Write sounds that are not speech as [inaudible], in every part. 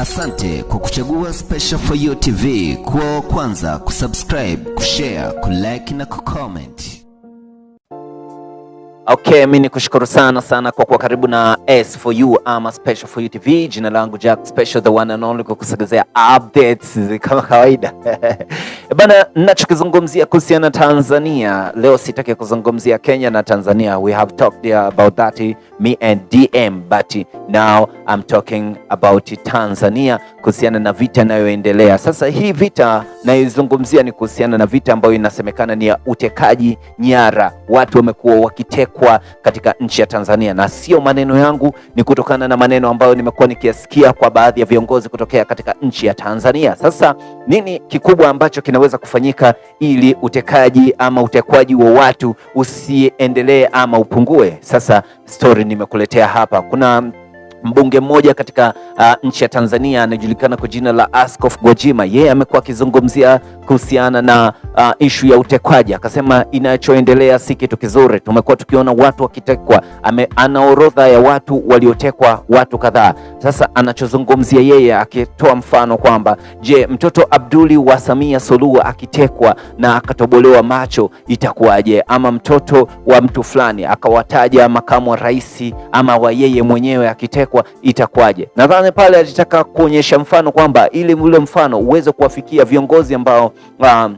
Asante kwa kuchagua Special For You TV kuwa wa kwanza kusubscribe, kushare, kulike na kucomment. Okay, mi nikushukuru sana sana kwa kuwa karibu na S For You ama Special For You TV. Jina langu Jack Special, the one and only, kwa kusogezea updates kama kawaida [laughs] Eh, bana, nachokizungumzia kuhusiana Tanzania leo, sitaki kuzungumzia Kenya na Tanzania. We have talked about that me and DM but now I'm talking about Tanzania kuhusiana na vita inayoendelea sasa. Hii vita naizungumzia ni kuhusiana na vita ambayo inasemekana ni ya utekaji nyara. Watu wamekuwa wakitekwa katika nchi ya Tanzania, na sio maneno yangu, ni kutokana na maneno ambayo nimekuwa nikiasikia kwa baadhi ya viongozi kutokea katika nchi ya Tanzania. Sasa nini kikubwa ambacho kina yanaweza kufanyika ili utekaji ama utekwaji wa watu usiendelee ama upungue. Sasa stori nimekuletea hapa, kuna mbunge mmoja katika uh, nchi ya Tanzania anajulikana kwa jina la Askofu Gwajima. Yeye amekuwa akizungumzia kuhusiana na uh, ishu ya utekwaji. Akasema inachoendelea si kitu kizuri, tumekuwa tukiona watu wakitekwa. Ana orodha ya watu waliotekwa, watu kadhaa. Sasa anachozungumzia yeye, akitoa mfano kwamba je, mtoto Abduli wa Samia Suluhu akitekwa na akatobolewa macho itakuwaje? Ama mtoto wa mtu fulani, akawataja makamu wa rais ama wa yeye mwenyewe akitekwa itakuwaje? Nadhani pale alitaka kuonyesha mfano kwamba ili ule mfano uweze kuwafikia viongozi ambao um,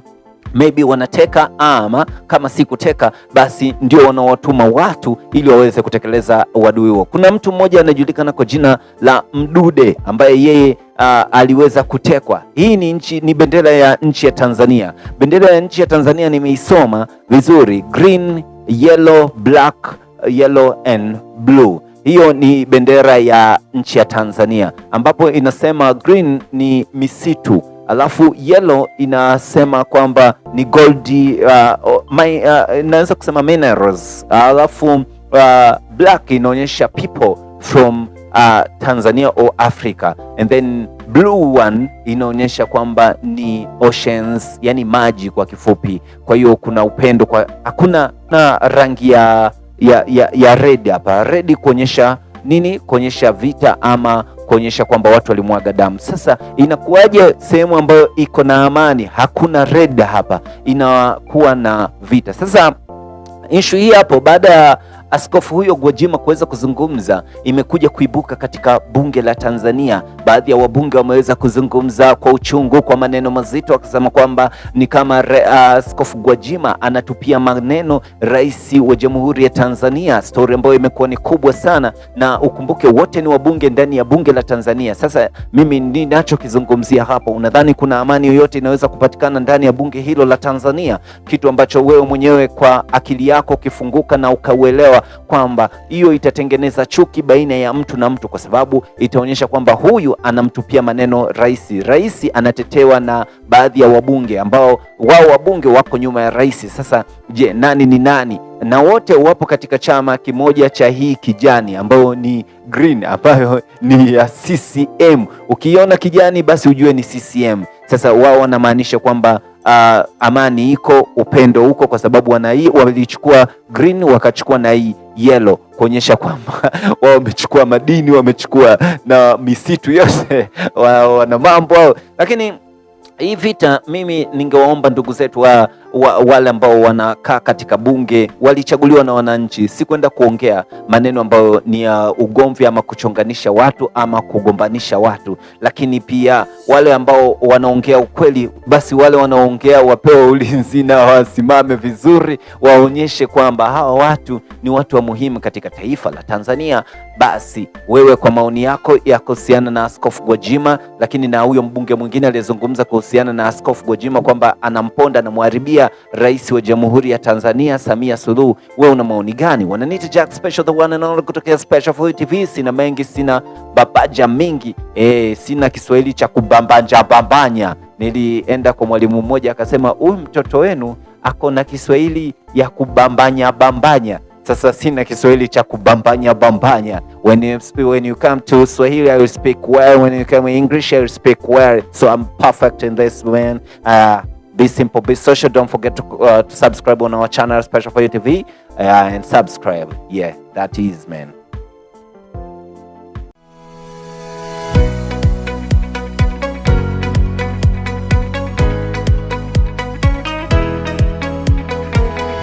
maybe wanateka ama kama si kuteka, basi ndio wanaowatuma watu ili waweze kutekeleza uadui huo. Kuna mtu mmoja anajulikana kwa jina la Mdude ambaye yeye Uh, aliweza kutekwa. Hii ni nchi, ni bendera ya nchi ya Tanzania. Bendera ya nchi ya Tanzania nimeisoma vizuri, green, yellow, black, yellow and blue. Hiyo ni bendera ya nchi ya Tanzania ambapo inasema green ni misitu alafu yellow inasema kwamba ni gold uh, oh, uh, inaweza kusema minerals, alafu uh, black inaonyesha people from uh, Tanzania or Africa and then blue one inaonyesha kwamba ni oceans, yani maji kwa kifupi. Kwa hiyo kuna upendo kwa hakuna na rangi ya, ya, ya, ya red hapa, red kuonyesha nini? Kuonyesha vita ama kuonyesha kwamba watu walimwaga damu. Sasa inakuwaje sehemu ambayo iko na amani hakuna red hapa, inakuwa na vita? Sasa issue hii hapo baada ya askofu huyo Gwajima kuweza kuzungumza imekuja kuibuka katika bunge la Tanzania. Baadhi ya wabunge wameweza kuzungumza kwa uchungu, kwa maneno mazito, wakisema kwamba ni kama re, uh, askofu Gwajima anatupia maneno rais wa Jamhuri ya Tanzania, stori ambayo imekuwa ni kubwa sana, na ukumbuke wote ni wabunge ndani ya bunge la Tanzania. Sasa mimi ninachokizungumzia hapa, unadhani kuna amani yoyote inaweza kupatikana ndani ya bunge hilo la Tanzania? Kitu ambacho wewe mwenyewe kwa akili yako ukifunguka na ukauelewa kwamba hiyo itatengeneza chuki baina ya mtu na mtu, kwa sababu itaonyesha kwamba huyu anamtupia maneno rais. Rais anatetewa na baadhi ya wabunge ambao wao wabunge wako nyuma ya rais. Sasa je, nani ni nani? na wote wapo katika chama kimoja cha hii kijani ambayo ni green ambayo ni ya CCM. Ukiona kijani basi ujue ni CCM. Sasa wao wanamaanisha kwamba uh, amani iko, upendo uko, kwa sababu wana hii walichukua green wakachukua na hii yellow kuonyesha kwamba [laughs] wao wamechukua madini, wamechukua na misitu yote, wana mambo hao. Lakini hii vita, mimi ningewaomba ndugu zetu wa wa, wale ambao wanakaa katika bunge walichaguliwa na wananchi, si kwenda kuongea maneno ambayo ni ya ugomvi ama kuchonganisha watu ama kugombanisha watu, lakini pia wale ambao wanaongea ukweli, basi wale wanaongea wapewe ulinzi na wasimame vizuri, waonyeshe kwamba hawa watu ni watu wa muhimu katika taifa la Tanzania. Basi wewe kwa maoni yako ya kuhusiana na Askofu Gwajima, lakini na huyo mbunge mwingine aliyezungumza kuhusiana na Askofu Gwajima kwamba anamponda, anamharibia kumzungumzia Rais wa Jamhuri ya Tanzania Samia Suluhu. Wewe una maoni gani? Wananiita Jack Special, the one and only kutokea Special for TV. Sina mengi, sina babaja mingi e, sina Kiswahili cha kubambanja bambanya. Nilienda kwa mwalimu mmoja akasema, huyu mtoto wenu ako na Kiswahili ya kubambanya bambanya. Sasa sina Kiswahili cha kubambanya bambanya. When you, when you come to Swahili I will speak well, when you come to English I will speak well, so I'm perfect in this man uh, Be simple, be social. Don't forget to, uh, to subscribe on our channel, Special for You TV, uh, and subscribe. Yeah, that is, man.